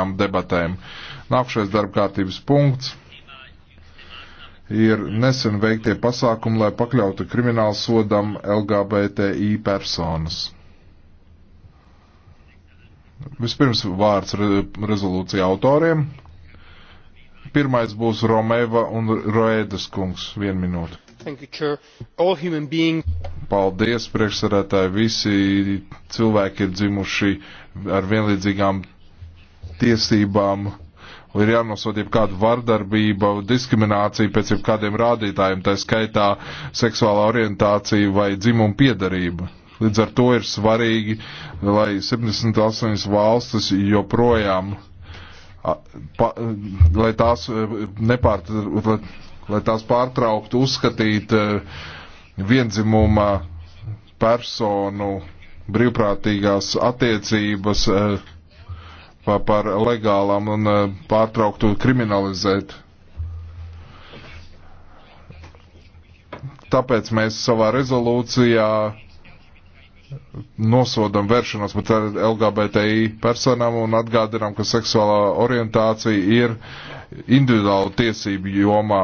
šajām debatēm. Nākušais darba kārtības punkts ir nesen veiktie pasākumi, lai pakļautu kriminālu sodam LGBTI personas. Vispirms vārds re rezolūcija autoriem. Pirmais būs Romeva un Roēdas kungs. Vienu minūtu. Being... Paldies, priekšsarētāji. Visi cilvēki ir dzimuši ar vienlīdzīgām tiesībām. Ir jānosod jebkāda vardarbība, diskriminācija pēc jebkādiem rādītājiem, tā skaitā seksuālā orientācija vai dzimuma piedarība. Līdz ar to ir svarīgi, lai 78 valstis joprojām, pa, lai, tās e, nepārt, lai, lai tās pārtrauktu uzskatīt e, vienzimuma personu brīvprātīgās attiecības e, pa, par legālām un eh, pārtrauktu kriminalizēt. Tāpēc mēs savā rezolūcijā nosodam vēršanos pret LGBTI personām un atgādinām, ka seksuālā orientācija ir individuāla tiesība jomā,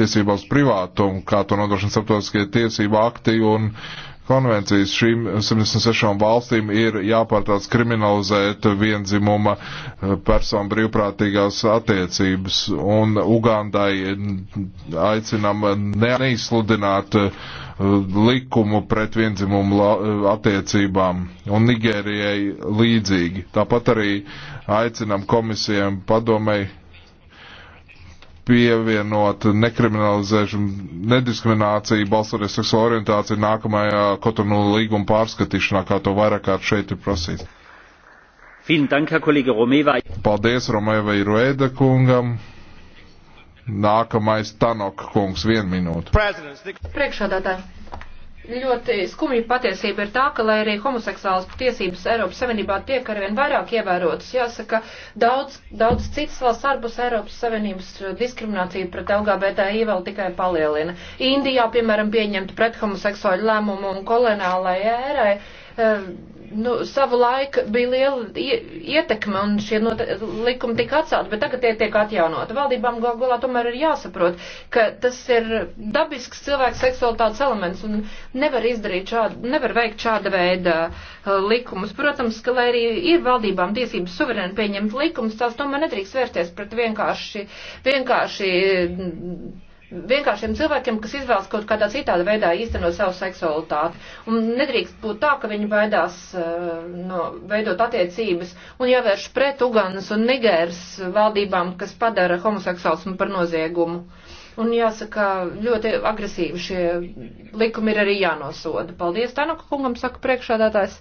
tiesībā uz privātumu, kā to nodrošina starptautiskie tiesība akti un uh, konvencijas. Šīm 76 valstīm ir jāpārtās kriminalizēt vienzimuma eh, personu brīvprātīgās attiecības. Un Ugandai mm, aicinam neizsludināt eh, likumu pret vienzimumu eh, attiecībām un Nigērijai līdzīgi. Tāpat arī aicinam komisijām padomēji pievienot nekriminalizēšanu, nediskrimināciju, balstoties seksuālu orientāciju nākamajā Kotonu līguma pārskatīšanā, kā to vairāk kārt šeit ir prasīts. Paldies Romēvai Ruēda kungam. Nākamais Tanok kungs, vienu minūtu. Priekšādātāji. Ļoti skumja patiesība ir tā, ka, lai arī homoseksuālas tiesības Eiropas Savienībā tiek arvien vairāk ievērotas, jāsaka, daudz, daudz citas valsts ārpus Eiropas Savienības eh, diskriminācija pret LGBTI vēl tikai palielina. Indijā, piemēram, pieņemta pret homoseksuāļu lēmumu un kolonālai ērai. E, nu, savu laiku bija liela ietekme un šie not, likumi tika atcelti, bet tagad tie tiek atjaunoti. Valdībām gal galā tomēr ir jāsaprot, ka tas ir dabisks cilvēka seksualitātes elements un nevar izdarīt šādu, nevar veikt šāda veida uh, likumus. Protams, ka lai arī ir valdībām tiesības suverēni pieņemt likumus, tās tomēr nedrīkst vērsties pret vienkārši, vienkārši vienkāršiem cilvēkiem, kas izvēlas kaut kādā citādā veidā īstenot savu seksualitāti. Un nedrīkst būt tā, ka viņi baidās eh, no, veidot attiecības un jāvērš pret Uganas un Nigēras valdībām, kas padara homoseksuālismu par noziegumu. Un jāsaka, ļoti agresīvi šie likumi ir arī jānosoda. Paldies, Tanaka kungam, saka priekšādātājs.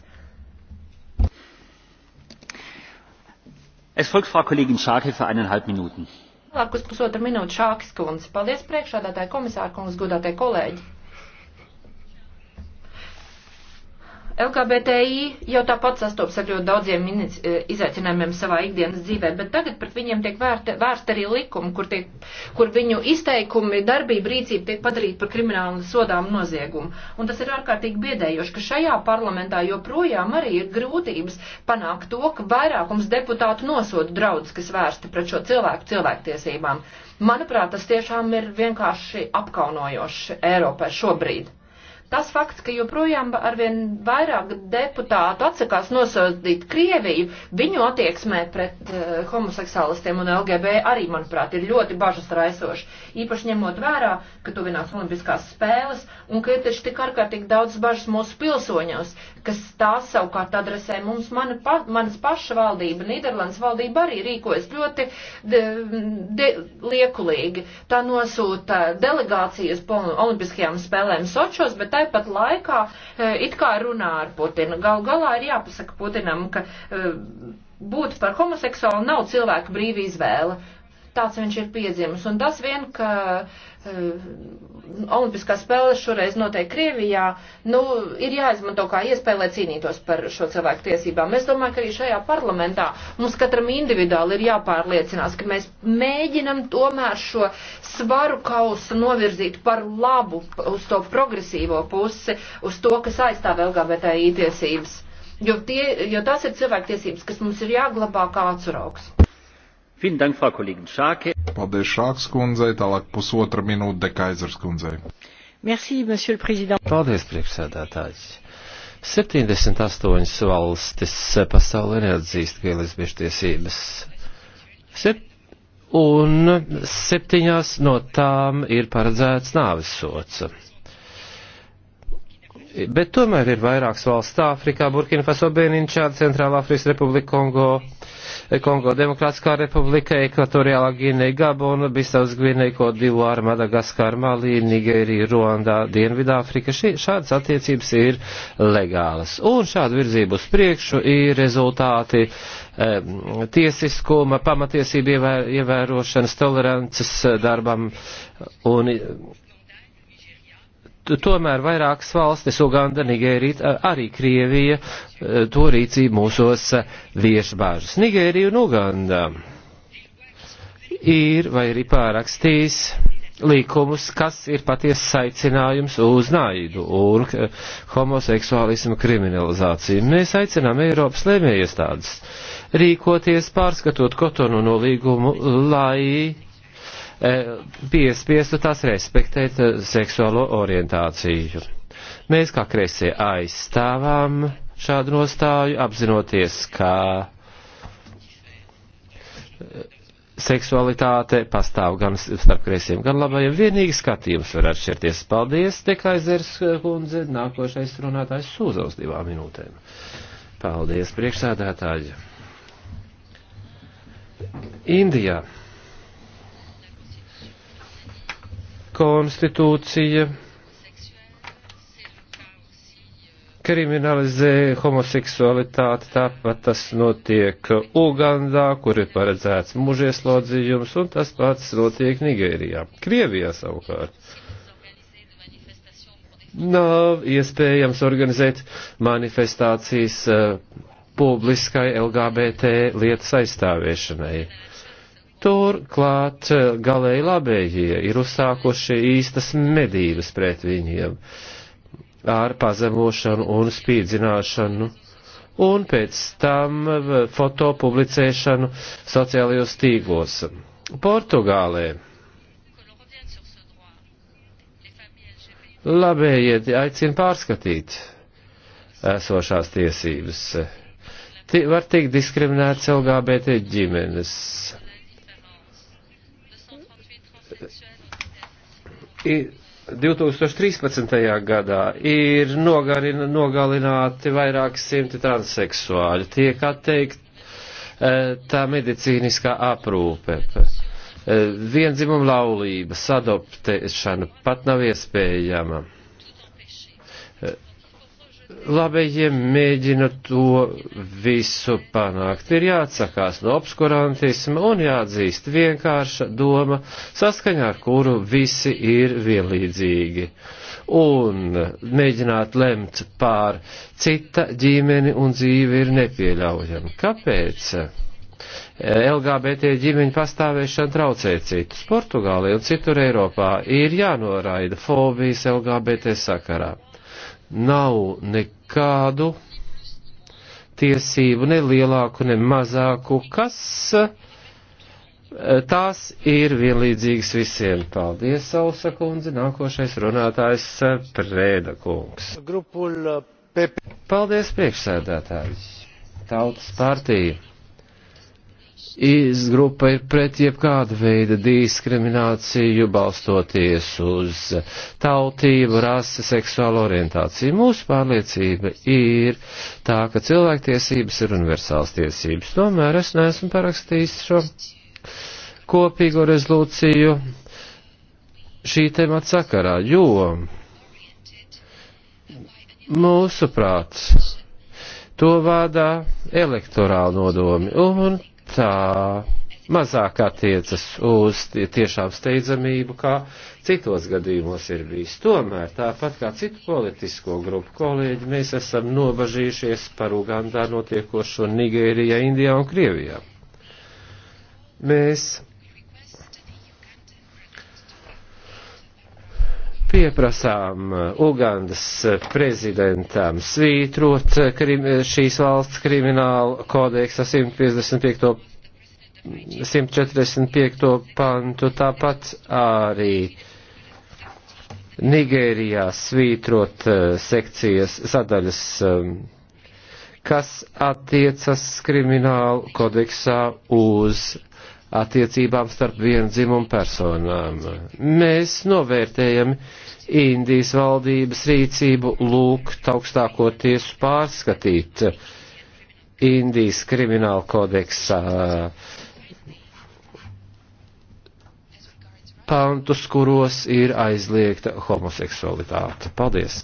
Es folgt Frau Kollegin Schake für eineinhalb Minuten. Tālāk uz pusotru minūtu šākas kundze. Paldies priekšādātāji komisāra kungs, godātie kolēģi! LKBTI jau tāpat sastopas ar ļoti daudziem e, izaicinājumiem savā ikdienas dzīvē, bet tagad pret viņiem tiek vērsta vērst arī likumi, kur, tiek, kur viņu izteikumi, darbība, rīcība tiek padarīta par kriminālu sodām noziegumu. Un tas ir ārkārtīgi biedējoši, ka šajā parlamentā joprojām arī ir grūtības panākt to, ka vairākums deputātu nosoda draudz, kas vērsti pret šo cilvēku cilvēktiesībām. Manuprāt, tas tiešām ir vienkārši apkaunojoši Eiropai šobrīd. Tas fakts, ka joprojām arvien vairāk deputātu atsakās nosodīt Krieviju, viņu attieksmē pret uh, homoseksuālistiem un LGB arī, manuprāt, ir ļoti bažas raisoši. Īpaši ņemot vērā, ka tuvinās olimpiskās spēles un ka ir taču tik ārkārtīgi daudz bažas mūsu pilsoņos, kas tās savukārt adresē mums. Mani, pa, manas paša valdība, Nīderlandes valdība arī rīkojas ļoti de, de, liekulīgi. Tā nosūta delegācijas po olimpiskajām spēlēm Sočos, bet tāpat laikā e, it kā runā ar Putinu. Gal galā ir jāpasaka Putinam, ka e, būt par homoseksuālu nav cilvēka brīva izvēle tāds viņš ir piedzimis. Un tas vien, ka uh, eh, Olimpiskās spēles šoreiz notiek Krievijā, nu, ir jāizmanto kā iespēja, lai cīnītos par šo cilvēku tiesībām. Es domāju, ka arī šajā parlamentā mums katram individuāli ir jāpārliecinās, ka mēs mēģinam tomēr šo svaru kausu novirzīt par labu uz to progresīvo pusi, uz to, kas aizstāv LGBTI tiesības. Jo, tie, jo tās ir cilvēktiesības, kas mums ir jāglabā kā atsrauks. Paldies Šāks kundzei, tālāk pusotra minūte Dekaizers kundzei. Merci, Paldies, priekšsēdētājs. 78 valstis pasaulē neatzīst gēlisbiešu tiesības. Sep un septiņās no tām ir paredzēts nāves sots. Bet tomēr ir vairākas valsts Āfrikā, Burkina Faso, Benīna, Čāda, Centrāla Afrikas Republika, Kongo, Kongo Demokrātiskā republika, Ekvatoriālā Gvineja, Gabona, Bisavs Gvineja, Kodivuāra, Madagaskar, Malī, Nigērija, Ruandā, Dienvidāfrika. Šī, šādas attiecības ir legālas. Un šāda virzība uz priekšu ir rezultāti um, tiesiskuma, pamatiesību ievērošanas, tolerances darbam un tomēr vairākas valstis, Uganda, Nigērija, arī Krievija, e, to rīcību mūsos e, vieš bāžas. Nigērija un Uganda ir vai ir pārakstījis līkumus, kas ir patiesi saicinājums uz naidu un homoseksuālismu kriminalizāciju. Mēs aicinām Eiropas lēmējiestādes rīkoties, pārskatot Kotonu nolīgumu, lai Eh, piespiestu tās respektēt eh, seksuālo orientāciju. Mēs kā kreisie aizstāvām šādu nostāju, apzinoties, ka eh, seksualitāte pastāv gan starp kreisiem, gan labajiem. Vienīgi skatījums var atšķirties. Paldies, Tekaizers kundze, nākošais runātājs sūza uz divām minūtēm. Paldies, priekšsādātāji. Indijā konstitūcija kriminalizē homoseksualitāti, tāpat tas notiek Ugandā, kur ir paredzēts mužieslodzījums, un tas pats notiek Nigērijā. Krievijā savukārt nav iespējams organizēt manifestācijas uh, publiskai LGBT lietas aizstāviešanai. Turklāt eh, galēji labējie ir uzsākuši īstas medības pret viņiem ar pazemošanu un spīdzināšanu un pēc tam eh, foto publicēšanu sociālajos tīklos. Portugālē labējie aicina pārskatīt esošās tiesības. T var tikt diskriminēts LGBT ģimenes 2013. gadā ir nogarina, nogalināti vairāk simti transseksuāļi, tiek atteikt e, tā medicīniskā aprūpe, e, vienzimuma laulības, adoptēšana pat nav iespējama labējiem mēģina to visu panākt. Ir jāatsakās no obskurantisma un jāatzīst vienkārša doma, saskaņā ar kuru visi ir vienlīdzīgi. Un mēģināt lemt pār cita ģimeni un dzīvi ir nepieļaujami. Kāpēc? LGBT ģimeņu pastāvēšana traucē citus. Portugālija un citur Eiropā ir jānoraida fobijas LGBT sakarā nav nekādu tiesību, ne lielāku, ne mazāku, kas eh, tās ir vienlīdzīgas visiem. Paldies, Sausa kundze, nākošais runātājs eh, Prēda kungs. Grupul, Paldies, priekšsēdētājs. Tautas partija izgrupa ir pret jebkāda veida diskrimināciju, balstoties uz tautību, rasi, seksuālu orientāciju. Mūsu pārliecība ir tā, ka cilvēktiesības ir universāls tiesības. Tomēr es neesmu parakstījis šo kopīgo rezolūciju šī temata sakarā, jo mūsu prāts to vādā elektorāli nodomi, un tā uh, mazāk attiecas uz tiešām steidzamību, kā citos gadījumos ir bijis. Tomēr, tāpat kā citu politisko grupu kolēģi, mēs esam nobažījušies par Ugandā notiekošo Nigērijā, Indijā un Krievijā. Mēs pieprasām eh, Ugandas eh, prezidentam svītrot eh, krim, šīs valsts kriminālu kodeksa 155. 145. pantu, tāpat arī Nigērijā svītrot sekcijas sadaļas, kas attiecas kriminālu kodeksā uz attiecībām starp vienu dzimumu personām. Mēs novērtējam Indijas valdības rīcību lūgt augstāko tiesu pārskatīt Indijas krimināla kodeksā pantus, kuros ir aizliegta homoseksualitāte. Paldies!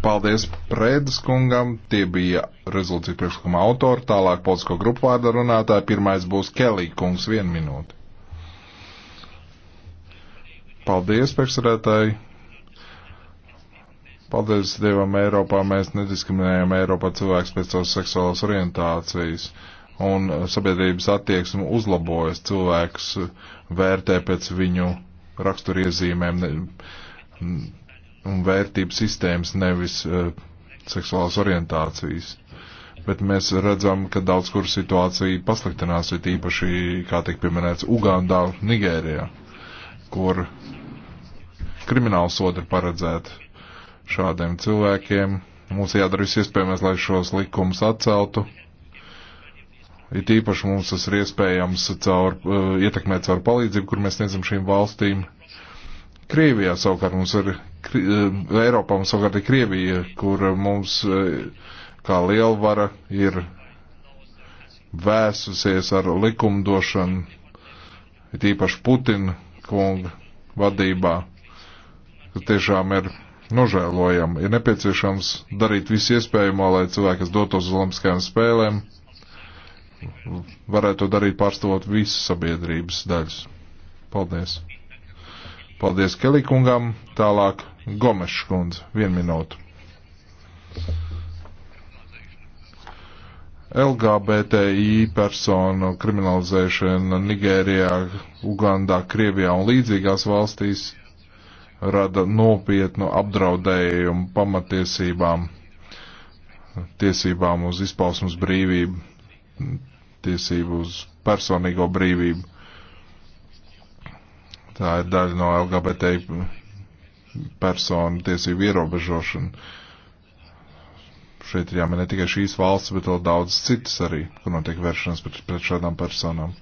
Paldies Prēdas kungam, tie bija rezolūcija priekšlikuma autori, tālāk politisko grupu vārda runātāja, pirmais būs Kelī kungs, vienu minūti. Paldies, priekšsarētāji. Paldies Dievam Eiropā, mēs nediskriminējam Eiropā cilvēks pēc savas seksuālās orientācijas un sabiedrības attieksme uzlabojas, cilvēks vērtē pēc viņu raksturiezīmēm un vērtību sistēmas, nevis uh, eh, seksuālas orientācijas. Bet mēs redzam, ka daudz kur situācija pasliktinās, ir īpaši, kā tiek pieminēts, Ugandā, Nigērijā, kur krimināla soda ir paredzēta šādiem cilvēkiem. Mums jādara viss iespējamais, lai šos likumus atceltu. It īpaši mums tas ir iespējams caur, uh, ietekmēt caur palīdzību, kur mēs sniedzam šīm valstīm. Krievijā savukārt mums ir Eh, Eiropā un savukārt ir Krievija, kur mums eh, kā lielvara ir vēsusies ar likumdošanu, it īpaši Putina kunga vadībā, kas tiešām ir nožēlojama. Ir nepieciešams darīt visu iespējamo, lai cilvēki, kas dotos uz Olimpiskajām spēlēm, varētu to darīt pārstāvot visas sabiedrības daļas. Paldies! Paldies Kelikungam. Tālāk Gomeša kundze. Vienu minūtu. LGBTI personu kriminalizēšana Nigērijā, Ugandā, Krievijā un līdzīgās valstīs rada nopietnu apdraudējumu pamatiesībām, tiesībām uz izpausmas brīvību, tiesību uz personīgo brīvību. Tā ir daļa no LGBT personu tiesību ierobežošana. Šeit ir jāmin ne tikai šīs valsts, bet vēl daudz citas arī, kur notiek vēršanas pret, pret šādām personām.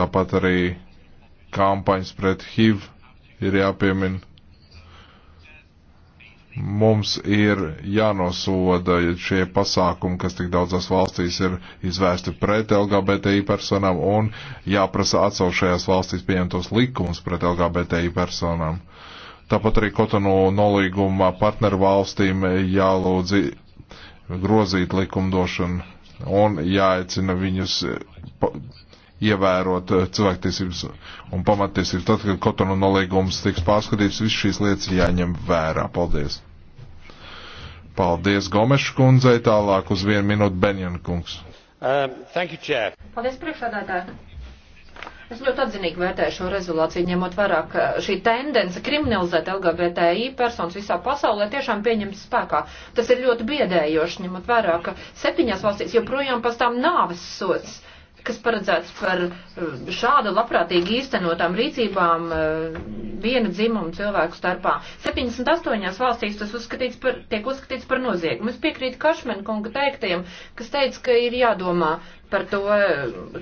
Tāpat arī kampaņas pret HIV ir jāpiemina Mums ir jānosoda šie pasākumi, kas tik daudzās valstīs ir izvērsti pret LGBTI personām un jāprasa atcelt šajās valstīs pieņemtos likumus pret LGBTI personām. Tāpat arī Kotonu nolīguma partneru valstīm jālūdzi grozīt likumdošanu un jāaicina viņus ievērot cilvēktiesības un pamatiesības. Tad, kad Kotonu nolīgums tiks pārskatīts, viss šīs lietas jāņem vērā. Paldies! Paldies Gomeša kundzei, tālāk uz vienu minūtu Benjana kungs. Um, you, Paldies priekšādātāji. Es ļoti atzinīgi vērtēju šo rezolāciju, ņemot vērā, ka uh, šī tendence kriminalizēt LGBTI personas visā pasaulē tiešām pieņemts spēkā. Tas ir ļoti biedējoši, ņemot vērā, ka septiņās valstīs joprojām pastāv nāves sots. Uh, kas paredzēts par eh, šādu labprātīgi īstenotām rīcībām eh, viena dzimuma cilvēku starpā. 78 valstīs tas uzskatīts par, tiek uzskatīts par noziegumu. Es piekrītu Kašmen kunga teiktajiem, kas teica, ka ir jādomā par to,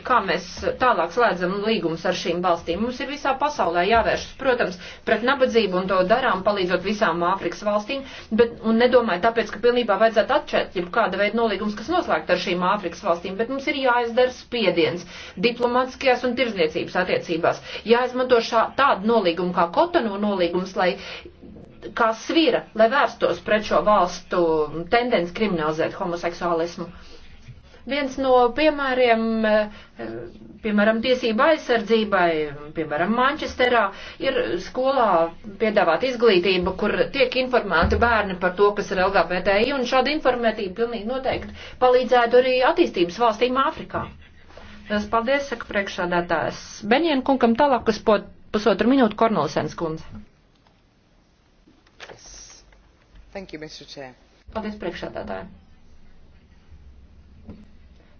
kā mēs tālāk slēdzam līgumus ar šīm valstīm. Mums ir visā pasaulē jāvēršas, protams, pret nabadzību un to darām, palīdzot visām Āfrikas valstīm, bet, un nedomāju tāpēc, ka pilnībā vajadzētu atšķirt, ja kāda veida nolīgums, kas noslēgt ar šīm Āfrikas valstīm, bet mums ir jāizdara spiediens diplomatiskajās un tirzniecības attiecībās. Jāizmanto šā, tādu nolīgumu kā Kotonu nolīgums, lai kā svira, lai vērstos pret šo valstu tendenci kriminalizēt homoseksuālismu. Viens no piemēriem, eh, piemēram, tiesība aizsardzībai, piemēram, Mančesterā, ir skolā piedāvāt izglītību, kur tiek informēti bērni par to, kas ir LGBTI, un šāda informētība pilnīgi noteikti palīdzētu arī attīstības valstīm Āfrikā. Es paldies, saka priekšādātājs. Benjēn kungam tālāk uz pusotru minūtu Kornelsens kundze. Yes. Thank you, Mr. Chair. Paldies priekšādātājai.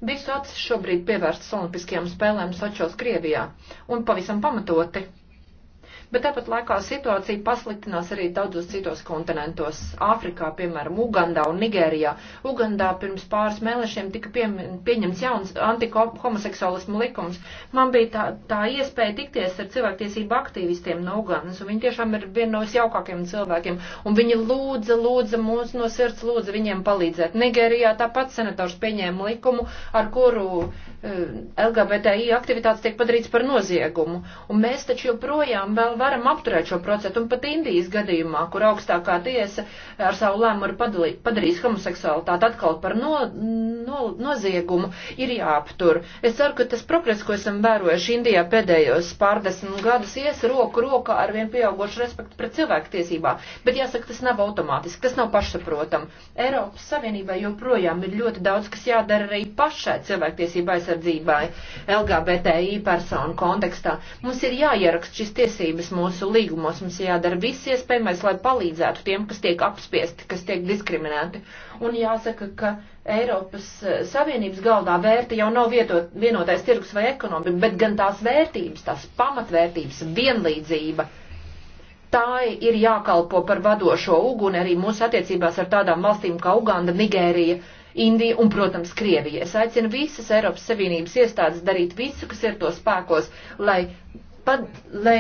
Visu acis šobrīd pievērsts Olimpiskajām spēlēm Sočos Krievijā un pavisam pamatoti bet tāpat laikā situācija pasliktinās arī daudzos citos kontinentos. Āfrikā, piemēram, Ugandā un Nigērijā. Ugandā pirms pāris mēnešiem tika pie, pieņemts jauns antihomoseksualismu likums. Man bija tā, tā iespēja tikties ar cilvēktiesību aktīvistiem no Ugandas, un viņi tiešām ir viena no visjaukākajiem cilvēkiem, un viņi lūdza, lūdza mūs no sirds, lūdza viņiem palīdzēt. Nigērijā tāpat senators pieņēma likumu, ar kuru uh, eh, LGBTI aktivitātes tiek padarīts par noziegumu, un mēs taču joprojām vēl varam apturēt šo procesu. Un pat Indijas gadījumā, kur augstākā tiesa ar savu lēmumu ir padalīt, padarījis homoseksualitāti atkal par no, no, noziegumu, ir jāaptur. Es ceru, ka tas progress, ko esam vērojuši Indijā pēdējos pārdesmit gadus, ies roku rokā ar vien pieaugošu respektu pret cilvēku tiesībā. Bet jāsaka, tas nav automātiski, tas nav pašsaprotam. Eiropas Savienībai joprojām ir ļoti daudz, kas jādara arī pašai cilvēktiesība aizsardzībai LGBTI personu kontekstā. Mums ir jāierakst šis tiesības ierakstītas mūsu līgumos. Mums jādara viss iespējamais, lai palīdzētu tiem, kas tiek apspiesti, kas tiek diskriminēti. Un jāsaka, ka Eiropas eh, Savienības galdā vērta jau nav vietot, vienotais tirgus vai ekonomika, bet gan tās vērtības, tās pamatvērtības, vienlīdzība. Tā ir jākalpo par vadošo uguni arī mūsu attiecībās ar tādām valstīm kā Uganda, Nigērija, Indija un, protams, Krievija. Es aicinu visas Eiropas Savienības iestādes darīt visu, kas ir to spēkos, lai, pad, lai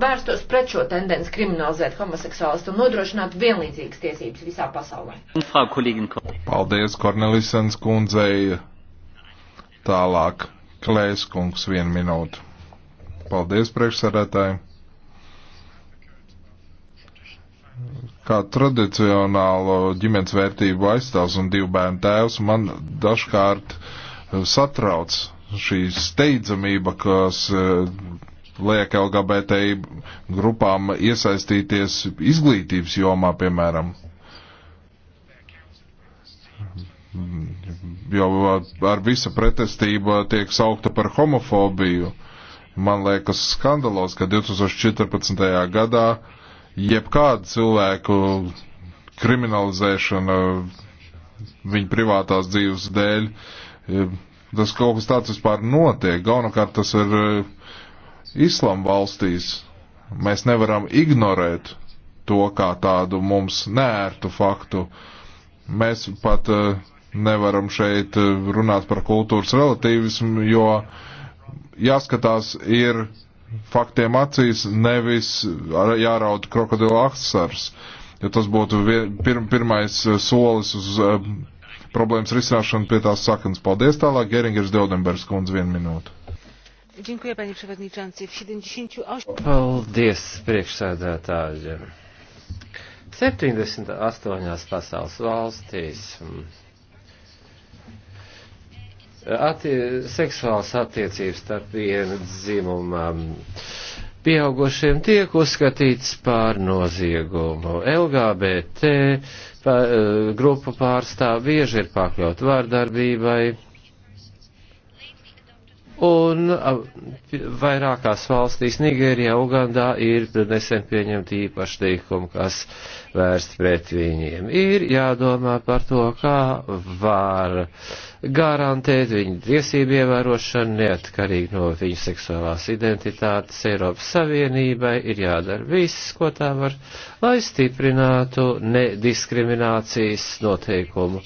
vērstos pret šo tendenci kriminalizēt homoseksuālistu un nodrošināt vienlīdzīgas tiesības visā pasaulē. Paldies, Kornelisens kundzei. Tālāk, Klēs kungs, vienu minūtu. Paldies, priekšsarētāji. Kā tradicionālo ģimenes vērtību aizstāvs un divu bērnu tēvs, man dažkārt satrauc šī steidzamība, kas eh, liek LGBTI grupām iesaistīties izglītības jomā, piemēram. Jo ar visa pretestība tiek saukta par homofobiju. Man liekas skandalos, ka 2014. gadā jebkāda cilvēku kriminalizēšana viņa privātās dzīves dēļ, eh, tas kaut kas tāds vispār notiek. Galvenokārt tas ir uh, islam valstīs mēs nevaram ignorēt to kā tādu mums nērtu faktu. Mēs pat eh, nevaram šeit eh, runāt par kultūras relatīvismu, jo jāskatās ir faktiem acīs, nevis jāraud krokodila aksars. Jo tas būtu pir pirmais eh, solis uz problēmas risināšanu pie tās saknes. Paldies tālāk, Geringers Deodenbergs kundze, vienu minūtu panie przewodniczący! w siedemdziesiąt osiem paldies priekšsēdētāji septiņdesmit astoņās pasaules valstīs mm, Atti seksuālas attiecības starp vienu dzimumam mm, pieaugušiem tiek uzskatīts par noziegumu. LGBT pa, eh, grupu pārstāv bieži ir pakļaut vārdarbībai Un vairākās valstīs, Nigērijā, Ugandā, ir nesen pieņemti īpaši teikumi, kas vērst pret viņiem. Ir jādomā par to, kā var garantēt viņu tiesību ievērošanu neatkarīgi no viņu seksuālās identitātes. Eiropas Savienībai ir jādara viss, ko tā var, lai stiprinātu nediskriminācijas noteikumu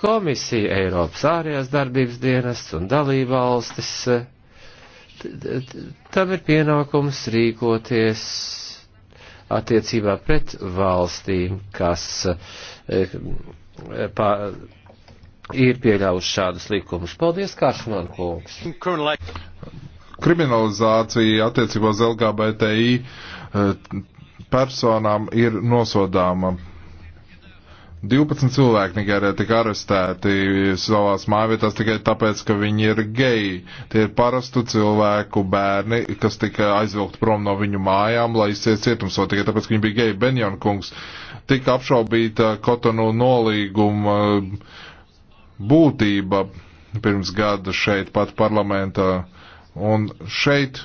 Komisija, Eiropas ārējās darbības dienests un dalībvalstis, eh, tam ir pienākums rīkoties attiecībā pret valstīm, kas eh, pā, ir pieļāvuši šādus likumus. Paldies, Kāršman kungs! Kriminalizācija attiecībā uz LGBTI eh, personām ir nosodāma 12 cilvēki Nigērē tika arestēti savās mājvietās tikai tāpēc, ka viņi ir geji. Tie ir parastu cilvēku bērni, kas tika aizvilkt prom no viņu mājām, lai izciet cietums, vai tikai tāpēc, ka viņi bija geji. Benjon kungs tika apšaubīta Kotonu nolīguma eh, būtība pirms gada šeit pat parlamentā. Un šeit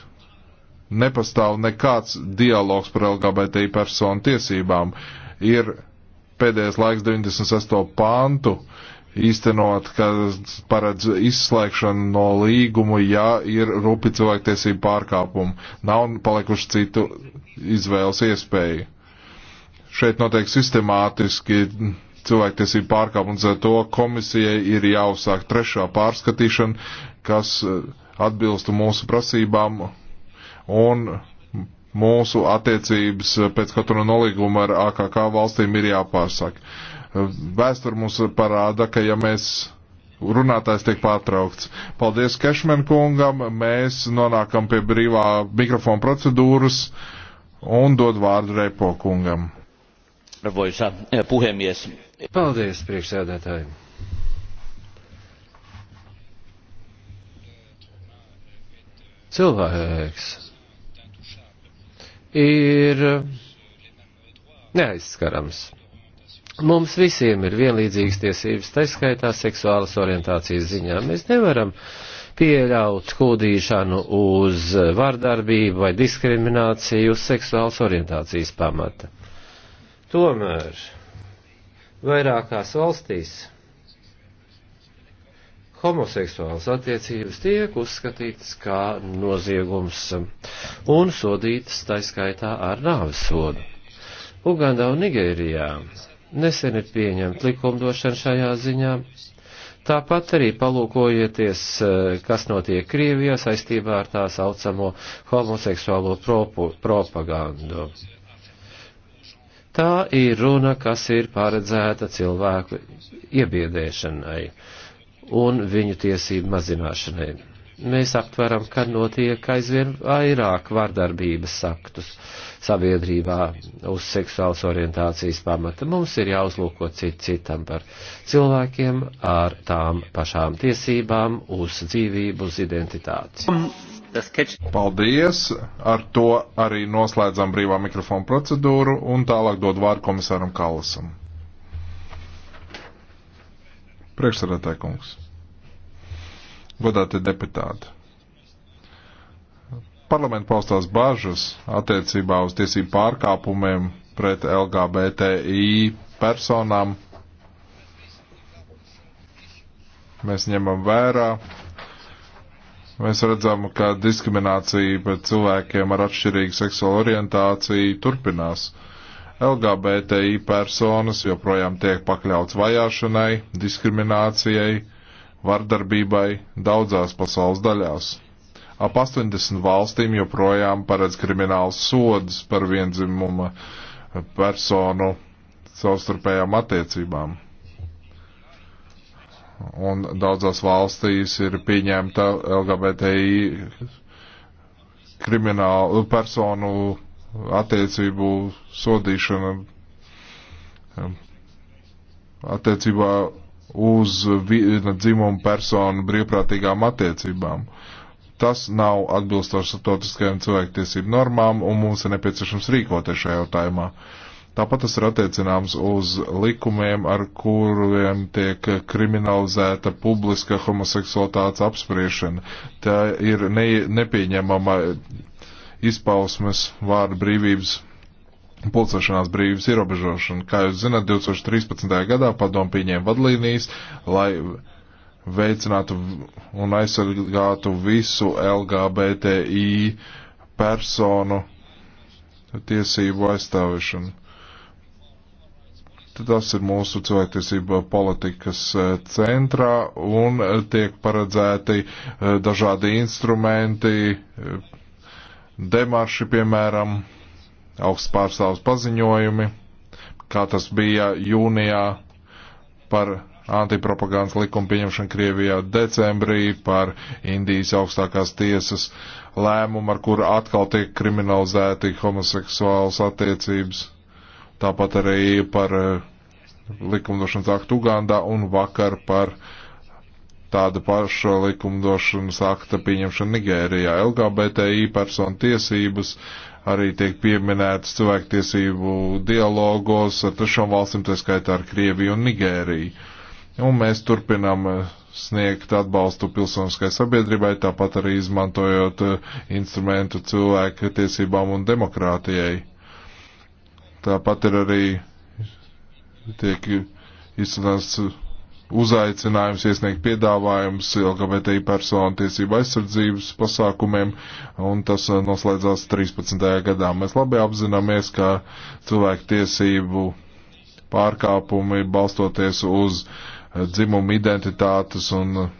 nepastāv nekāds dialogs par LGBTI personu tiesībām. Ir pēdējais laiks 98. pantu īstenot, kas paredz izslēgšanu no līgumu, ja ir rupi cilvēktiesību pārkāpumi. Nav palikuši citu izvēles iespēju. Šeit notiek sistemātiski cilvēktiesību pārkāpums, ar to komisijai ir jāuzsāk trešā pārskatīšana, kas atbilstu mūsu prasībām un mūsu attiecības eh, pēc Kotona nolīguma ar AKK valstīm ir jāpārsaka. Eh, Vēstur mums parāda, ka ja mēs runātājs tiek pārtraukts. Paldies Kešmen kungam, mēs nonākam pie brīvā mikrofona procedūras un dod vārdu Repo kungam. Arvoisa eh, puhemies. Paldies, priekšsēdētāji. Cilvēks ir eh, neaizskarams. Mums visiem ir vienlīdzīgas tiesības, taiskaitā seksuālas orientācijas ziņā. Mēs nevaram pieļaut kūdīšanu uz vardarbību vai diskrimināciju uz seksuālas orientācijas pamata. Tomēr vairākās valstīs homoseksuālas attiecības tiek uzskatītas kā noziegums un sodītas taiskaitā ar nāves sodu. Ugandā un Nigērijā nesen ir pieņemta likumdošana šajā ziņā. Tāpat arī palūkojieties, eh, kas notiek Krievijā saistībā ar tā saucamo homoseksuālo propu, propagandu. Tā ir runa, kas ir paredzēta cilvēku iebiedēšanai. Uh, un viņu tiesību mazināšanai. Mēs aptveram, ka notiek aizvien vairāk vardarbības saktus sabiedrībā uz seksuālas orientācijas pamata. Mums ir jāuzlūko cit citam par cilvēkiem ar tām pašām tiesībām uz dzīvību, uz identitāti. Um, Paldies! Ar to arī noslēdzam brīvā mikrofona procedūru un tālāk dod vārdu komisāram Kalasam. Priekšsēdētāj kungs, godātie deputāti, parlamentu paustās bažas attiecībā uz tiesību pārkāpumiem pret LGBTI personām. Mēs ņemam vērā. Mēs redzam, ka diskriminācija pret cilvēkiem ar atšķirīgu seksuālu orientāciju turpinās. Uh, LGBTI personas joprojām tiek pakļauts vajāšanai, diskriminācijai, vardarbībai daudzās pasaules daļās. Ap 80 valstīm joprojām paredz krimināls sods par vienzimuma personu savstarpējām attiecībām. Un daudzās valstīs ir pieņemta LGBTI kriminālu personu attiecību sodīšana um, attiecībā uz viena dzimuma personu brīvprātīgām attiecībām. Tas nav atbilstoši starptautiskajām cilvēktiesību normām, un mums ir nepieciešams rīkoties šajā jautājumā. Tāpat tas ir attiecināms uz likumiem, ar kuriem tiek kriminalizēta publiska homoseksualitātes apspriešana. Tā ir ne, nepieņemama izpausmes, vārdu brīvības, pulcēšanās brīvības ierobežošana. Kā jūs zināt, 2013. gadā padomu pieņēma vadlīnijas, lai veicinātu un aizsargātu visu LGBTI personu tiesību aizstāvišanu. Tas ir mūsu cilvēktiesība politikas e, centrā un e, tiek paredzēti e, dažādi instrumenti demarši, piemēram, augsts pārstāvs paziņojumi, kā tas bija jūnijā par antipropagandas likumu pieņemšanu Krievijā decembrī, par Indijas augstākās tiesas lēmumu, ar kuru atkal tiek kriminalizēti homoseksuāls attiecības, tāpat arī par eh, likumdošanas aktu Ugandā un vakar par uh, tāda paša likumdošanas akta pieņemšana Nigērijā. LGBTI personu tiesības arī tiek pieminētas cilvēktiesību dialogos ar trešām valstīm, tā skaitā ar Krieviju un Nigēriju. Un mēs turpinām eh, sniegt atbalstu pilsoniskai sabiedrībai, tāpat arī izmantojot eh, instrumentu cilvēku tiesībām un demokrātijai. Tāpat ir arī tiek izstrādāts uzaicinājums iesniegt piedāvājums LGBTI personu tiesību aizsardzības pasākumiem, un tas uh, noslēdzās 13. gadā. Mēs labi apzināmies, ka cilvēku tiesību pārkāpumi balstoties uz uh, dzimumu identitātes un uh,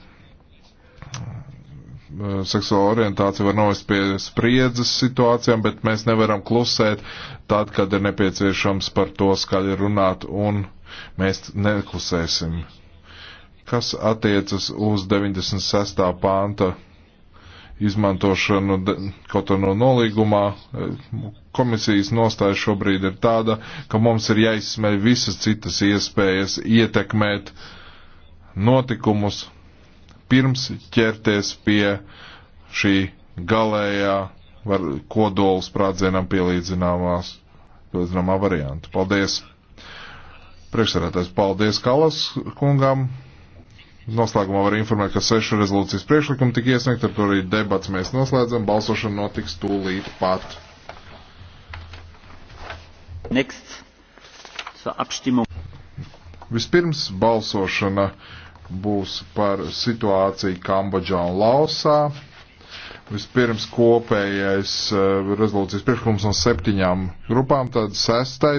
seksuāla orientācija var novest pie spriedzes situācijām, bet mēs nevaram klusēt tad, kad ir nepieciešams par to skaļi runāt, un mēs neklusēsim kas attiecas uz 96. panta izmantošanu kaut no nolīgumā. E, komisijas nostāja šobrīd ir tāda, ka mums ir jāizsmeļ visas citas iespējas ietekmēt notikumus pirms ķerties pie šī galējā var, kodola sprādzienam pielīdzināmās, pielīdzināmā varianta. Paldies! Priekšsarētājs, paldies Kalas kungam! Noslēgumā var informēt, ka sešu rezolūcijas priekšlikumu tika iesniegt, ar to arī debats mēs noslēdzam. Balsošana notiks tūlīt pat. Vispirms balsošana būs par situāciju Kambodžā un Laosā. Vispirms kopējais eh, rezolūcijas priekšlikums no septiņām grupām, tad sestais.